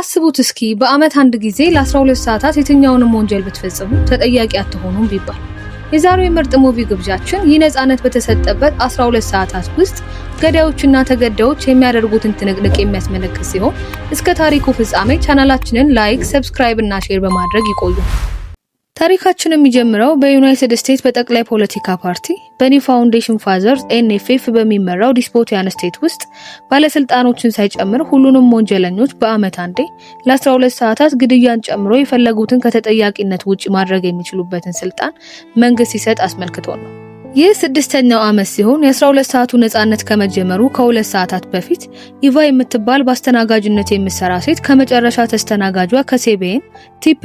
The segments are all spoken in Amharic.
አስቡት እስኪ በአመት አንድ ጊዜ ለ12 ሰዓታት የትኛውንም ወንጀል ብትፈጽሙ ተጠያቂ አትሆኑም ቢባል። የዛሬው የምርጥ ሙቪ ግብዣችን ይህ ነፃነት በተሰጠበት 12 ሰዓታት ውስጥ ገዳዮችና ተገዳዮች የሚያደርጉትን ትንቅንቅ የሚያስመለክት ሲሆን እስከ ታሪኩ ፍጻሜ ቻናላችንን ላይክ፣ ሰብስክራይብ እና ሼር በማድረግ ይቆዩ። ታሪካችን የሚጀምረው በዩናይትድ ስቴትስ በጠቅላይ ፖለቲካ ፓርቲ በኒ ፋውንዴሽን ፋዘር ኤንኤፍኤፍ በሚመራው ዲስፖቲያን ስቴት ውስጥ ባለስልጣኖችን ሳይጨምር ሁሉንም ወንጀለኞች በአመት አንዴ ለ12 ሰዓታት ግድያን ጨምሮ የፈለጉትን ከተጠያቂነት ውጭ ማድረግ የሚችሉበትን ስልጣን መንግስት ሲሰጥ አስመልክቶ ነው። ይህ ስድስተኛው ዓመት ሲሆን የ12 ሰዓቱ ነጻነት ከመጀመሩ ከሁለት ሰዓታት በፊት ኢቫ የምትባል በአስተናጋጅነት የምትሰራ ሴት ከመጨረሻ ተስተናጋጇ ከሴቤን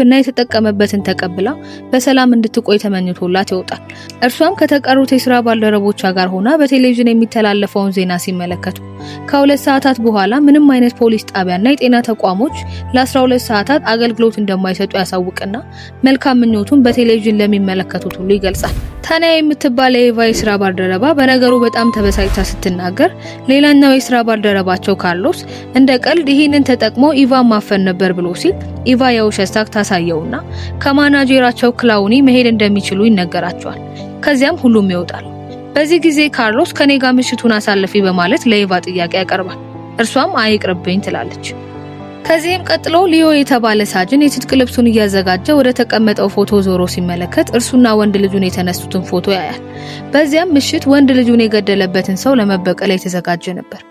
እና የተጠቀመበትን ተቀብላ በሰላም እንድትቆይ ተመኝቶላት ይወጣል። እርሷም ከተቀሩት የስራ ባልደረቦቿ ጋር ሆና በቴሌቪዥን የሚተላለፈውን ዜና ሲመለከቱ ከሁለት ሰዓታት በኋላ ምንም አይነት ፖሊስ ጣቢያና የጤና ተቋሞች ለ12 ሰዓታት አገልግሎት እንደማይሰጡ ያሳውቅና መልካም ምኞቱን በቴሌቪዥን ለሚመለከቱት ሁሉ ይገልጻል። ታንያ የምትባል የኤቫ የስራ ባልደረባ በነገሩ በጣም ተበሳጭታ ስትናገር፣ ሌላኛው የስራ ባልደረባቸው ካርሎስ እንደ ቀልድ ይህንን ተጠቅሞ ኢቫን ማፈን ነበር ብሎ ሲል ኢቫ የውሸት ሳቅ ታሳየውና ከማናጀራቸው ክላውኒ መሄድ እንደሚችሉ ይነገራቸዋል። ከዚያም ሁሉም ይወጣል። በዚህ ጊዜ ካርሎስ ከኔ ጋር ምሽቱን አሳልፊ በማለት ለይቫ ጥያቄ ያቀርባል። እርሷም አይቅርብኝ ትላለች። ከዚህም ቀጥሎ ሊዮ የተባለ ሳጅን የትጥቅ ልብሱን እያዘጋጀ ወደ ተቀመጠው ፎቶ ዞሮ ሲመለከት እርሱና ወንድ ልጁን የተነሱትን ፎቶ ያያል። በዚያም ምሽት ወንድ ልጁን የገደለበትን ሰው ለመበቀል የተዘጋጀ ነበር።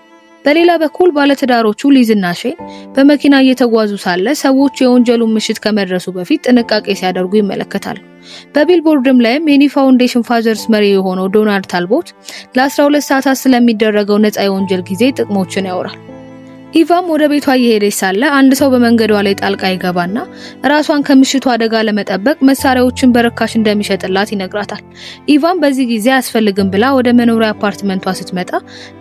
በሌላ በኩል ባለትዳሮቹ ሊዝና ሼን በመኪና እየተጓዙ ሳለ ሰዎች የወንጀሉን ምሽት ከመድረሱ በፊት ጥንቃቄ ሲያደርጉ ይመለከታሉ። በቢልቦርድም ላይም የኒ ፋውንዴሽን ፋዘርስ መሪ የሆነው ዶናልድ ታልቦት ለ12 ሰዓታት ስለሚደረገው ነፃ የወንጀል ጊዜ ጥቅሞችን ያወራል። ኢቫም ወደ ቤቷ እየሄደች ሳለ አንድ ሰው በመንገዷ ላይ ጣልቃ ይገባና ራሷን ከምሽቱ አደጋ ለመጠበቅ መሳሪያዎችን በርካሽ እንደሚሸጥላት ይነግራታል። ኢቫም በዚህ ጊዜ አያስፈልግም ብላ ወደ መኖሪያ አፓርትመንቷ ስትመጣ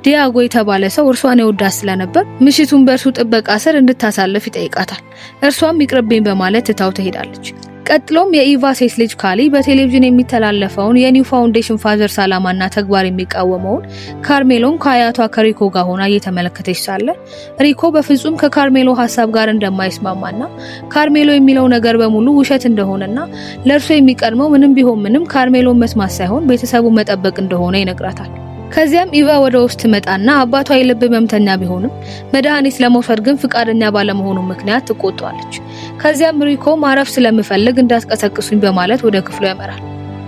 ዲያጎ የተባለ ሰው እርሷን የወዳት ስለነበር ምሽቱን በእርሱ ጥበቃ ስር እንድታሳልፍ ይጠይቃታል። እርሷም ይቅርብኝ በማለት ትታው ትሄዳለች። ቀጥሎም የኢቫ ሴት ልጅ ካሊ በቴሌቪዥን የሚተላለፈውን የኒው ፋውንዴሽን ፋዘርስ ዓላማና ተግባር የሚቃወመውን ካርሜሎን ከአያቷ ከሪኮ ጋር ሆና እየተመለከተች ሳለ ሪኮ በፍጹም ከካርሜሎ ሀሳብ ጋር እንደማይስማማና ካርሜሎ የሚለው ነገር በሙሉ ውሸት እንደሆነና ለእርሶ የሚቀድመው ምንም ቢሆን ምንም ካርሜሎን መስማት ሳይሆን ቤተሰቡ መጠበቅ እንደሆነ ይነግራታል። ከዚያም ኢቫ ወደ ውስጥ መጣና አባቷ የልብ ህመምተኛ ቢሆንም መድኃኒት ለመውሰድ ግን ፍቃደኛ ባለመሆኑ ምክንያት ትቆጣዋለች። ከዚያም ሪኮ ማረፍ ስለምፈልግ እንዳትቀሰቅሱኝ በማለት ወደ ክፍሉ ያመራል።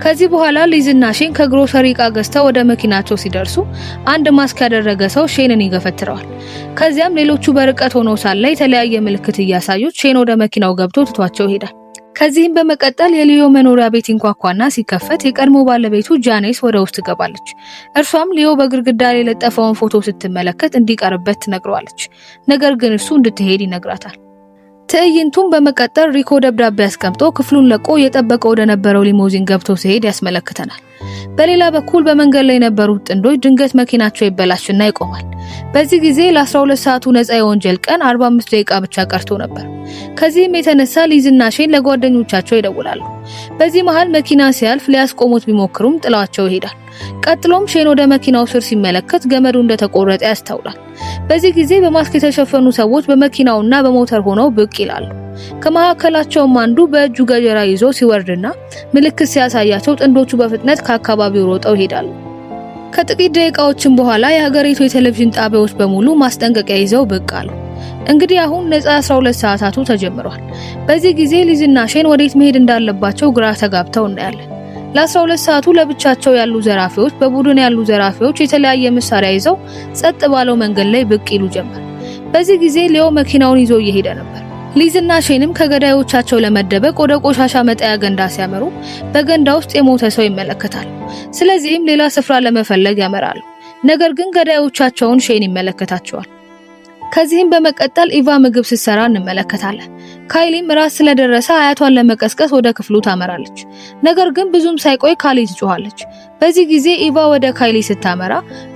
ከዚህ በኋላ ሊዝና ሼን ከግሮሰሪ እቃ ገዝተው ወደ መኪናቸው ሲደርሱ አንድ ማስክ ያደረገ ሰው ሼንን ይገፈትረዋል። ከዚያም ሌሎቹ በርቀት ሆነው ሳለ የተለያየ ምልክት እያሳዩት ሼን ወደ መኪናው ገብቶ ትቷቸው ይሄዳል። ከዚህም በመቀጠል የሊዮ መኖሪያ ቤት ይንኳኳና ሲከፈት የቀድሞ ባለቤቱ ጃኔስ ወደ ውስጥ ትገባለች። እርሷም ሊዮ በግድግዳ ላይ የለጠፈውን ፎቶ ስትመለከት እንዲቀርበት ትነግረዋለች። ነገር ግን እሱ እንድትሄድ ይነግራታል። ትዕይንቱን በመቀጠል ሪኮ ደብዳቤ አስቀምጦ ክፍሉን ለቆ የጠበቀ ወደ ነበረው ሊሞዚን ገብቶ ሲሄድ ያስመለክተናል። በሌላ በኩል በመንገድ ላይ የነበሩት ጥንዶች ድንገት መኪናቸው ይበላሽና ይቆማል። በዚህ ጊዜ ለ12 ሰዓቱ ነፃ የወንጀል ቀን 45 ደቂቃ ብቻ ቀርቶ ነበር። ከዚህም የተነሳ ሊዝና ሼን ለጓደኞቻቸው ይደውላሉ። በዚህ መሃል መኪና ሲያልፍ ሊያስቆሙት ቢሞክሩም ጥላዋቸው ይሄዳል። ቀጥሎም ሼን ወደ መኪናው ስር ሲመለከት ገመዱ እንደተቆረጠ ያስተውላል። በዚህ ጊዜ በማስክ የተሸፈኑ ሰዎች በመኪናውና በሞተር ሆነው ብቅ ይላሉ። ከመካከላቸውም አንዱ በእጁ ገጀራ ይዞ ሲወርድና ምልክት ሲያሳያቸው ጥንዶቹ በፍጥነት ከአካባቢው ሮጠው ይሄዳሉ። ከጥቂት ደቂቃዎችም በኋላ የሀገሪቱ የቴሌቪዥን ጣቢያዎች በሙሉ ማስጠንቀቂያ ይዘው ብቅ አሉ። እንግዲህ አሁን ነፃ 12 ሰዓታቱ ተጀምሯል። በዚህ ጊዜ ሊዝና ሼን ወዴት መሄድ እንዳለባቸው ግራ ተጋብተው እናያለን። ለ12 ሰዓቱ ለብቻቸው ያሉ ዘራፊዎች በቡድን ያሉ ዘራፊዎች የተለያየ መሳሪያ ይዘው ጸጥ ባለው መንገድ ላይ ብቅ ይሉ ጀመር። በዚህ ጊዜ ሊዮ መኪናውን ይዞ እየሄደ ነበር። ሊዝና ሼንም ከገዳዮቻቸው ለመደበቅ ወደ ቆሻሻ መጣያ ገንዳ ሲያመሩ በገንዳ ውስጥ የሞተ ሰው ይመለከታል። ስለዚህም ሌላ ስፍራ ለመፈለግ ያመራሉ። ነገር ግን ገዳዮቻቸውን ሼን ይመለከታቸዋል። ከዚህም በመቀጠል ኢቫ ምግብ ስትሰራ እንመለከታለን። ካይሊም ራስ ስለደረሰ አያቷን ለመቀስቀስ ወደ ክፍሉ ታመራለች። ነገር ግን ብዙም ሳይቆይ ካሊ ትጮኋለች። በዚህ ጊዜ ኢቫ ወደ ካይሊ ስታመራ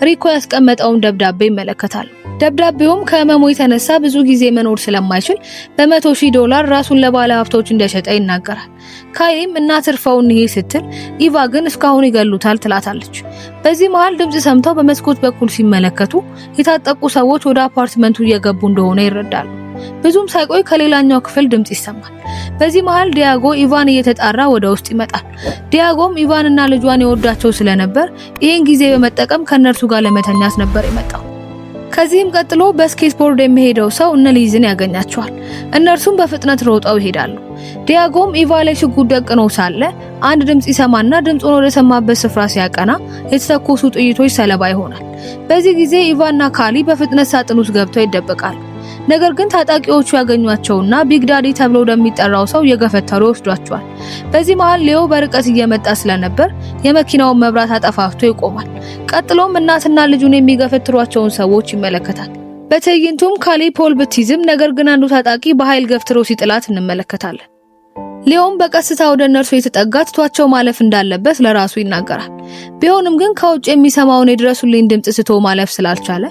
ሪኮ ያስቀመጠውን ደብዳቤ ይመለከታል። ደብዳቤውም ከህመሙ የተነሳ ብዙ ጊዜ መኖር ስለማይችል በመቶ ሺህ ዶላር ራሱን ለባለ ሀብቶች እንደሸጠ ይናገራል። ካይሊም እናትርፈውን ይሄ ስትል ኢቫ ግን እስካሁን ይገሉታል ትላታለች። በዚህ መሀል ድምፅ ሰምተው በመስኮት በኩል ሲመለከቱ የታጠቁ ሰዎች ወደ አፓርትመንቱ እየገቡ እንደሆነ ይረዳሉ። ብዙም ሳይቆይ ከሌላኛው ክፍል ድምፅ ይሰማል። በዚህ መሃል ዲያጎ ኢቫን እየተጣራ ወደ ውስጥ ይመጣል። ዲያጎም ኢቫንና ልጇን የወዳቸው ስለነበር ይህን ጊዜ በመጠቀም ከእነርሱ ጋር ለመተኛት ነበር የመጣው። ከዚህም ቀጥሎ በስኬትቦርድ የሚሄደው ሰው እነ ሊዝን ያገኛቸዋል። እነርሱም በፍጥነት ሮጠው ይሄዳሉ። ዲያጎም ኢቫ ላይ ሽጉጥ ደቅኖ ሳለ አንድ ድምጽ ይሰማና ድምጹን ወደ ሰማበት ስፍራ ሲያቀና የተተኮሱ ጥይቶች ሰለባ ይሆናል። በዚህ ጊዜ ኢቫና ካሊ በፍጥነት ሳጥን ውስጥ ገብተው ይደበቃሉ። ነገር ግን ታጣቂዎቹ ያገኟቸውና ቢግዳዲ ተብሎ ወደሚጠራው ሰው የገፈተሩ ይወስዷቸዋል። በዚህ መሃል ሌዮ በርቀት እየመጣ ስለነበር የመኪናውን መብራት አጠፋፍቶ ይቆማል። ቀጥሎም እናትና ልጁን የሚገፈትሯቸውን ሰዎች ይመለከታል። በትዕይንቱም ካሌ ፖል ብትይዝም ነገር ግን አንዱ ታጣቂ በኃይል ገፍትሮ ሲጥላት እንመለከታለን። ሊዮም በቀስታ ወደ እነርሱ የተጠጋ ትቷቸው ማለፍ እንዳለበት ለራሱ ይናገራል። ቢሆንም ግን ከውጭ የሚሰማውን የድረሱልኝ ድምፅ ስቶ ማለፍ ስላልቻለ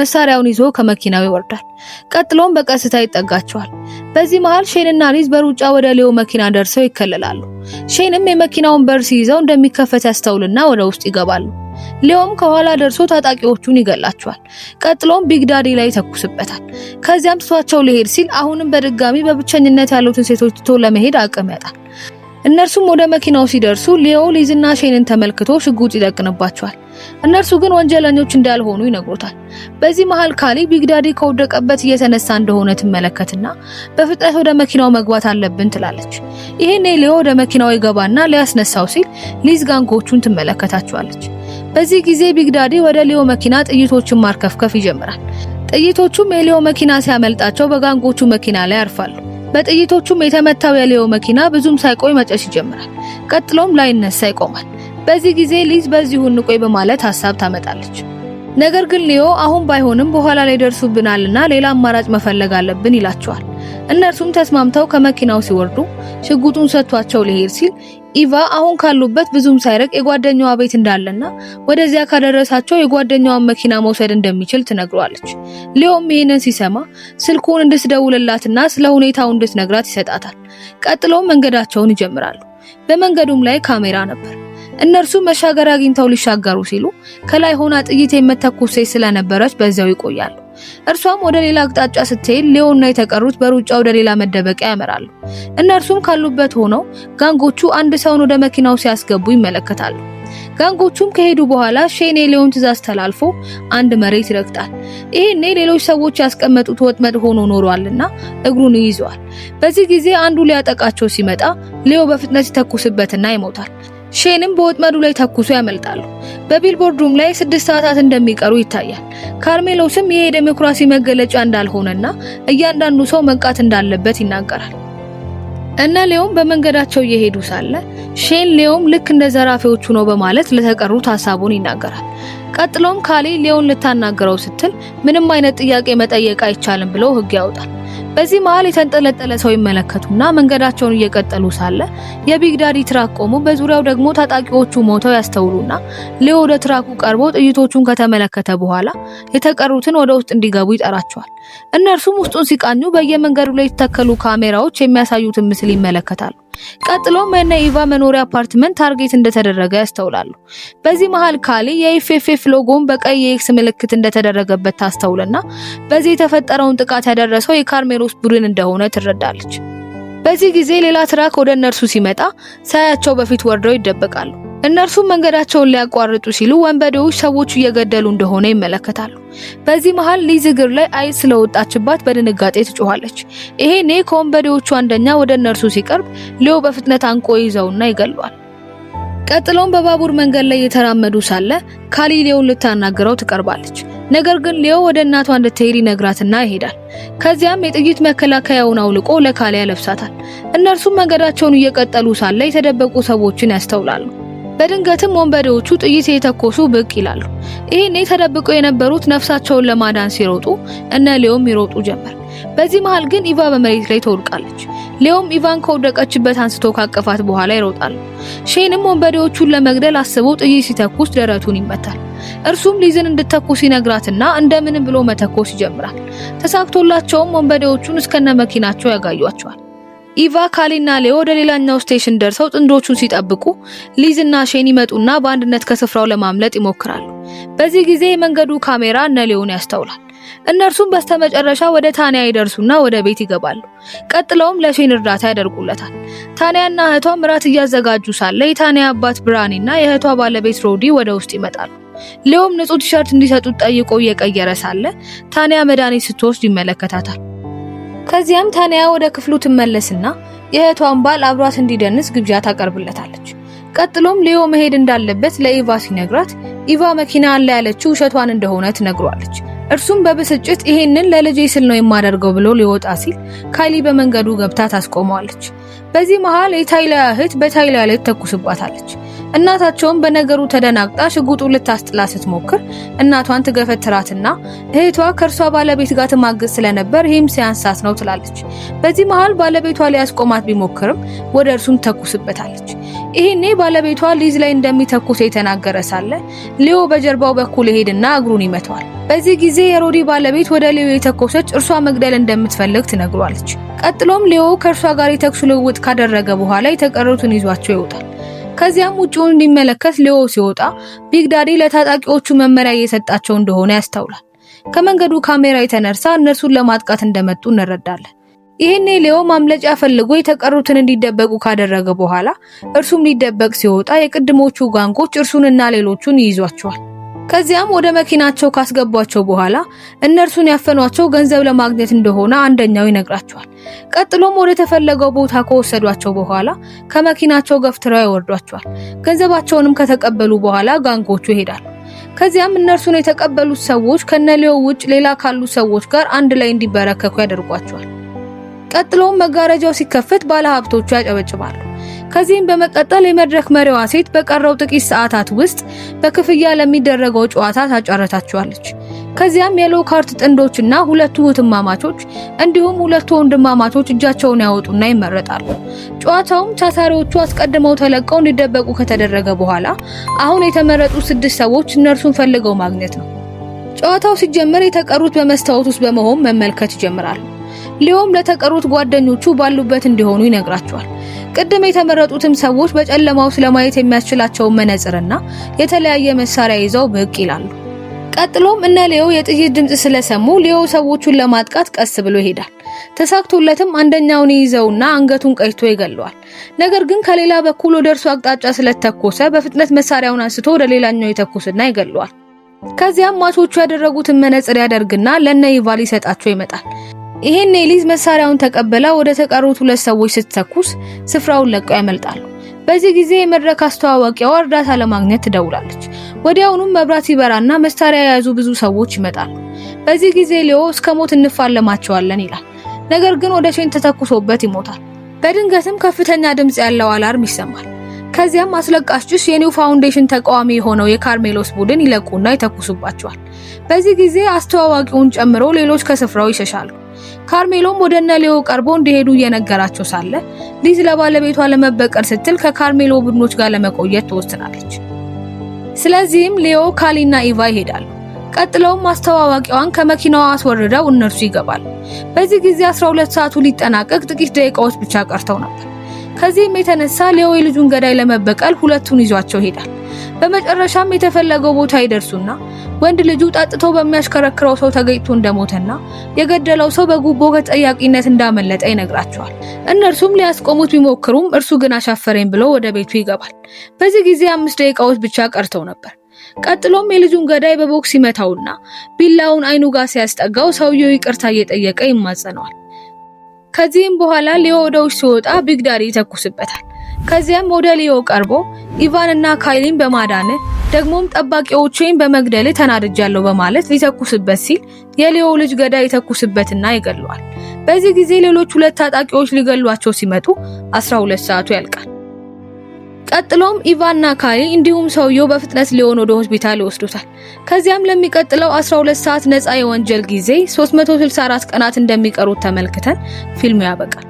መሳሪያውን ይዞ ከመኪናው ይወርዳል። ቀጥሎም በቀስታ ይጠጋቸዋል። በዚህ መሃል ሼንና ሊዝ በሩጫ ወደ ሊዮ መኪና ደርሰው ይከለላሉ። ሼንም የመኪናውን በር ሲይዘው እንደሚከፈት ያስተውልና ወደ ውስጥ ይገባሉ። ሊዮም ከኋላ ደርሶ ታጣቂዎቹን ይገላቸዋል። ቀጥሎም ቢግ ዳዲ ላይ ይተኩስበታል። ከዚያም ትቷቸው ሊሄድ ሲል አሁንም በድጋሚ በብቸኝነት ያሉትን ሴቶች ትቶ ለመሄድ አቅም ያጣል። እነርሱም ወደ መኪናው ሲደርሱ ሊዮ ሊዝና ሼንን ተመልክቶ ሽጉጥ ይደቅንባቸዋል። እነርሱ ግን ወንጀለኞች እንዳልሆኑ ይነግሩታል። በዚህ መሃል ካሊ ቢግዳዲ ከወደቀበት እየተነሳ እንደሆነ ትመለከትና በፍጥነት ወደ መኪናው መግባት አለብን ትላለች። ይህኔ ሊዮ ወደ መኪናው ይገባና ሊያስነሳው ሲል ሊዝ ጋንጎቹን ትመለከታቸዋለች። በዚህ ጊዜ ቢግዳዲ ወደ ሊዮ መኪና ጥይቶቹን ማርከፍከፍ ይጀምራል። ጥይቶቹም የሊዮ መኪና ሲያመልጣቸው በጋንጎቹ መኪና ላይ ያርፋሉ። በጥይቶቹም የተመታው የሊዮ መኪና ብዙም ሳይቆይ መጨስ ይጀምራል። ቀጥሎም ላይነሳ ይቆማል። በዚህ ጊዜ ሊዝ በዚሁ እንቆይ በማለት ሀሳብ ታመጣለች። ነገር ግን ሊዮ አሁን ባይሆንም በኋላ ላይ ደርሱብናልና ሌላ አማራጭ መፈለግ አለብን ይላቸዋል። እነርሱም ተስማምተው ከመኪናው ሲወርዱ ሽጉጡን ሰጥቷቸው ሊሄድ ሲል ኢቫ አሁን ካሉበት ብዙም ሳይርቅ የጓደኛዋ ቤት እንዳለና ወደዚያ ካደረሳቸው የጓደኛዋን መኪና መውሰድ እንደሚችል ትነግሯለች። ሊዮም ይህንን ሲሰማ ስልኩን እንድትደውልላትና ስለ ሁኔታው እንድትነግራት ይሰጣታል። ቀጥሎ መንገዳቸውን ይጀምራሉ። በመንገዱም ላይ ካሜራ ነበር። እነርሱ መሻገር አግኝተው ሊሻገሩ ሲሉ ከላይ ሆና ጥይት የምትተኩስ ሴት ስለነበረች በዚያው ይቆያሉ። እርሷም ወደ ሌላ አቅጣጫ ስትሄድ ሊዮና የተቀሩት በሩጫ ወደ ሌላ መደበቂያ ያመራሉ። እነርሱም ካሉበት ሆነው ጋንጎቹ አንድ ሰውን ወደ መኪናው ሲያስገቡ ይመለከታሉ። ጋንጎቹም ከሄዱ በኋላ ሼኔ ሊዮን ትእዛዝ ተላልፎ አንድ መሬት ይረግጣል። ይሄኔ ሌሎች ሰዎች ያስቀመጡት ወጥመድ ሆኖ ኖሯልና እግሩን ይይዘዋል። በዚህ ጊዜ አንዱ ሊያጠቃቸው ሲመጣ ሊዮ በፍጥነት ይተኩስበትና ይሞታል። ሼንም በወጥመዱ ላይ ተኩሶ ያመልጣሉ። በቢልቦርድ ሩም ላይ ስድስት ሰዓታት እንደሚቀሩ ይታያል። ካርሜሎስም ይሄ የዴሞክራሲ መገለጫ እንዳልሆነና እያንዳንዱ ሰው መንቃት እንዳለበት ይናገራል። እነ ሌዮም በመንገዳቸው እየሄዱ ሳለ ሼን ሌዮም ልክ እንደ ዘራፊዎቹ ነው በማለት ለተቀሩት ሀሳቡን ይናገራል። ቀጥሎም ካሌ ሌዮን ልታናገረው ስትል ምንም አይነት ጥያቄ መጠየቅ አይቻልም ብሎ ህግ ያወጣል። በዚህ መሀል የተንጠለጠለ ሰው ይመለከቱና መንገዳቸውን እየቀጠሉ ሳለ የቢግ ዳዲ ትራክ ቆሙ። በዙሪያው ደግሞ ታጣቂዎቹ ሞተው ያስተውሉና ሌ ወደ ትራኩ ቀርቦ ጥይቶቹን ከተመለከተ በኋላ የተቀሩትን ወደ ውስጥ እንዲገቡ ይጠራቸዋል። እነርሱም ውስጡን ሲቃኙ በየመንገዱ ላይ የተተከሉ ካሜራዎች የሚያሳዩትን ምስል ይመለከታሉ። ቀጥሎም የነ ኢቫ መኖሪያ አፓርትመንት ታርጌት እንደተደረገ ያስተውላሉ። በዚህ መሃል ካሊ የኤፍኤፍኤፍ ሎጎን በቀይ የኤክስ ምልክት እንደተደረገበት ታስተውልና በዚህ የተፈጠረውን ጥቃት ያደረሰው የካርሜሎስ ቡድን እንደሆነ ትረዳለች። በዚህ ጊዜ ሌላ ትራክ ወደ እነርሱ ሲመጣ ሳያቸው በፊት ወርደው ይደበቃሉ። እነርሱም መንገዳቸውን ሊያቋርጡ ሲሉ ወንበዴዎች ሰዎቹ እየገደሉ እንደሆነ ይመለከታሉ። በዚህ መሃል ሊዝ እግር ላይ አይስ ስለወጣችባት በድንጋጤ ትጮኋለች። ይሄኔ ከወንበዴዎቹ አንደኛ ወደ እነርሱ ሲቀርብ ሊዮ በፍጥነት አንቆ ይዘውና ይገሏል። ቀጥሎም በባቡር መንገድ ላይ እየተራመዱ ሳለ ካሊ ሊዮን ልታናግረው ትቀርባለች። ነገር ግን ሊዮ ወደ እናቷ እንድትሄድ ይነግራትና ይሄዳል። ከዚያም የጥይት መከላከያውን አውልቆ ለካሊያ ለብሳታል። እነርሱም መንገዳቸውን እየቀጠሉ ሳለ የተደበቁ ሰዎችን ያስተውላሉ። በድንገትም ወንበዴዎቹ ጥይት እየተኮሱ ብቅ ይላሉ። ይህኔ ተደብቀው የነበሩት ነፍሳቸውን ለማዳን ሲሮጡ እነ ሊዮም ይሮጡ ጀመር። በዚህ መሃል ግን ኢቫ በመሬት ላይ ተወድቃለች። ሊዮም ኢቫን ከወደቀችበት አንስቶ ካቀፋት በኋላ ይሮጣሉ። ሼንም ወንበዴዎቹን ለመግደል አስቦ ጥይት ሲተኩስ ደረቱን ይመታል። እርሱም ሊዝን እንድተኩ ይነግራትና እንደምንም ብሎ መተኮስ ይጀምራል። ተሳክቶላቸውም ወንበዴዎቹን እስከነ መኪናቸው ያጋዩቸዋል። ኢቫ ካሊና ሌዮ ወደ ሌላኛው ስቴሽን ደርሰው ጥንዶቹን ሲጠብቁ ሊዝና ሼን ይመጡና በአንድነት ከስፍራው ለማምለጥ ይሞክራሉ። በዚህ ጊዜ የመንገዱ ካሜራ እነ ሌዮን ያስተውላል። እነርሱም በስተመጨረሻ ወደ ታንያ ይደርሱና ወደ ቤት ይገባሉ። ቀጥለውም ለሼን እርዳታ ያደርጉለታል። ታንያና እህቷ ምራት እያዘጋጁ ሳለ የታንያ አባት ብራኒና የእህቷ ባለቤት ሮዲ ወደ ውስጥ ይመጣሉ። ሊዮም ንጹህ ቲሸርት እንዲሰጡት ጠይቆ እየቀየረ ሳለ ታንያ መድኃኒት ስትወስድ ይመለከታታል። ከዚያም ታንያ ወደ ክፍሉ ትመለስና የእህቷን ባል አብሯት እንዲደንስ ግብዣ ታቀርብለታለች። ቀጥሎም ሊዮ መሄድ እንዳለበት ለኢቫ ሲነግራት ኢቫ መኪና አለ ያለችው ውሸቷን እንደሆነ ትነግሯለች። እርሱም በብስጭት ይሄንን ለልጄ ስል ነው የማደርገው ብሎ ሊወጣ ሲል ካይሊ በመንገዱ ገብታ ታስቆመዋለች። በዚህ መሃል የታይላ እህት በታይላ ላይ ተኩስባታለች። እናታቸውም በነገሩ ተደናግጣ ሽጉጡ ልታስጥላ ስትሞክር እናቷን ትገፈትራትና እህቷ ከእርሷ ባለቤት ጋር ትማግጥ ስለነበር ይህም ሲያንሳት ነው ትላለች። በዚህ መሃል ባለቤቷ ሊያስቆማት ቢሞክርም ወደ እርሱም ተኩስበታለች። ይህኔ ባለቤቷ ሊዝ ላይ እንደሚተኩስ የተናገረ ሳለ ሊዮ በጀርባው በኩል ይሄድና እግሩን ይመታዋል። በዚህ ጊዜ የሮዲ ባለቤት ወደ ሊዮ የተኮሰች እርሷ መግደል እንደምትፈልግ ትነግሯለች። ቀጥሎም ሊዮ ከእርሷ ጋር የተኩስ ልውውጥ ካደረገ በኋላ የተቀሩትን ይዟቸው ይወጣል። ከዚያም ውጭውን እንዲመለከት ሊዮ ሲወጣ ቢግ ዳዲ ለታጣቂዎቹ መመሪያ እየሰጣቸው እንደሆነ ያስተውላል። ከመንገዱ ካሜራ የተነሳ እነርሱን ለማጥቃት እንደመጡ እንረዳለን። ይህኔ ሊዮ ማምለጫ ፈልጎ የተቀሩትን እንዲደበቁ ካደረገ በኋላ እርሱም ሊደበቅ ሲወጣ የቅድሞቹ ጋንጎች እርሱንና ሌሎቹን ይይዟቸዋል። ከዚያም ወደ መኪናቸው ካስገቧቸው በኋላ እነርሱን ያፈኗቸው ገንዘብ ለማግኘት እንደሆነ አንደኛው ይነግራቸዋል። ቀጥሎም ወደ ተፈለገው ቦታ ከወሰዷቸው በኋላ ከመኪናቸው ገፍትረው ያወርዷቸዋል። ገንዘባቸውንም ከተቀበሉ በኋላ ጋንጎቹ ይሄዳሉ። ከዚያም እነርሱን የተቀበሉት ሰዎች ከነሌው ውጭ ሌላ ካሉ ሰዎች ጋር አንድ ላይ እንዲበረከኩ ያደርጓቸዋል። ቀጥሎም መጋረጃው ሲከፈት ባለሀብቶቹ ያጨበጭባሉ። ከዚህም በመቀጠል የመድረክ መሪዋ ሴት በቀረው ጥቂት ሰዓታት ውስጥ በክፍያ ለሚደረገው ጨዋታ ታጫረታቸዋለች። ከዚያም የሎው ካርት ጥንዶችና ሁለቱ እህትማማቾች እንዲሁም ሁለቱ ወንድማማቾች እጃቸውን ያወጡና ይመረጣሉ። ጨዋታውም ታሳሪዎቹ አስቀድመው ተለቀው እንዲደበቁ ከተደረገ በኋላ አሁን የተመረጡ ስድስት ሰዎች እነርሱን ፈልገው ማግኘት ነው። ጨዋታው ሲጀመር የተቀሩት በመስታወት ውስጥ በመሆን መመልከት ይጀምራሉ። ሊዮም ለተቀሩት ጓደኞቹ ባሉበት እንዲሆኑ ይነግራቸዋል። ቅድም የተመረጡትም ሰዎች በጨለማው ስለማየት የሚያስችላቸውን መነጽርና የተለያየ መሳሪያ ይዘው ብቅ ይላሉ። ቀጥሎም እነ ሌዮ የጥይት ድምፅ ስለሰሙ ሌዮ ሰዎቹን ለማጥቃት ቀስ ብሎ ይሄዳል። ተሳክቶለትም አንደኛውን ይዘውና አንገቱን ቀይቶ ይገለዋል። ነገር ግን ከሌላ በኩል ወደ እርሱ አቅጣጫ ስለተኮሰ በፍጥነት መሳሪያውን አንስቶ ወደ ሌላኛው የተኮስና ይገለዋል። ከዚያም ማቾቹ ያደረጉትን መነጽር ያደርግና ለነ ይቫል ይሰጣቸው ይመጣል። ይሄን ኤሊዝ መሳሪያውን ተቀብላ ወደ ተቀሩት ሁለት ሰዎች ስትተኩስ ስፍራውን ለቀው ያመልጣሉ። በዚህ ጊዜ የመድረክ አስተዋዋቂዋ እርዳታ ለማግኘት ትደውላለች። ወዲያውኑም መብራት ይበራና መሳሪያ የያዙ ብዙ ሰዎች ይመጣሉ። በዚህ ጊዜ ሊዮ እስከ ሞት እንፋለማቸዋለን ይላል። ነገር ግን ወደ ሼን ተተኩሶበት ይሞታል። በድንገትም ከፍተኛ ድምፅ ያለው አላርም ይሰማል። ከዚያም አስለቃሽ ጭስ የኒው ፋውንዴሽን ተቃዋሚ የሆነው የካርሜሎስ ቡድን ይለቁና ይተኩሱባቸዋል። በዚህ ጊዜ አስተዋዋቂውን ጨምሮ ሌሎች ከስፍራው ይሸሻሉ። ካርሜሎም ወደ እነ ሌዮ ቀርቦ እንደሄዱ እየነገራቸው ሳለ ሊዝ ለባለቤቷ ለመበቀል ስትል ከካርሜሎ ቡድኖች ጋር ለመቆየት ትወስናለች። ስለዚህም ሌዮ ካሊና ኢቫ ይሄዳሉ። ቀጥለውም አስተዋዋቂዋን ከመኪናዋ አስወርደው እነርሱ ይገባሉ። በዚህ ጊዜ 12 ሰዓቱ ሊጠናቀቅ ጥቂት ደቂቃዎች ብቻ ቀርተው ነበር። ከዚህም የተነሳ ሌዎ የልጁን ገዳይ ለመበቀል ሁለቱን ይዟቸው ሄዳል። በመጨረሻም የተፈለገው ቦታ ይደርሱና ወንድ ልጁ ጠጥቶ በሚያሽከረክረው ሰው ተገጭቶ እንደሞተና የገደለው ሰው በጉቦ ከተጠያቂነት እንዳመለጠ ይነግራቸዋል። እነርሱም ሊያስቆሙት ቢሞክሩም እርሱ ግን አሻፈረኝ ብሎ ወደ ቤቱ ይገባል። በዚህ ጊዜ አምስት ደቂቃዎች ብቻ ቀርተው ነበር። ቀጥሎም የልጁን ገዳይ በቦክስ ይመታውና ቢላውን አይኑ ጋር ሲያስጠጋው ሰውየው ይቅርታ እየጠየቀ ይማጸነዋል። ከዚህም በኋላ ሊዮ ወደ ውጭ ሲወጣ ቢግዳሪ ይተኩስበታል። ከዚያም ወደ ሊዮ ቀርቦ ኢቫን እና ካይሊን በማዳን ደግሞም ጠባቂዎችን በመግደል ተናድጃለሁ በማለት ሊተኩስበት ሲል የሊዮ ልጅ ገዳይ ይተኩስበትና ይገለዋል። በዚህ ጊዜ ሌሎች ሁለት ታጣቂዎች ሊገሏቸው ሲመጡ 12 ሰዓቱ ያልቃል። ቀጥሎም ኢቫና ካይ እንዲሁም ሰውየው በፍጥነት ሊሆን ወደ ሆስፒታል ይወስዱታል። ከዚያም ለሚቀጥለው 12 ሰዓት ነፃ የወንጀል ጊዜ 364 ቀናት እንደሚቀሩት ተመልክተን ፊልሙ ያበቃል።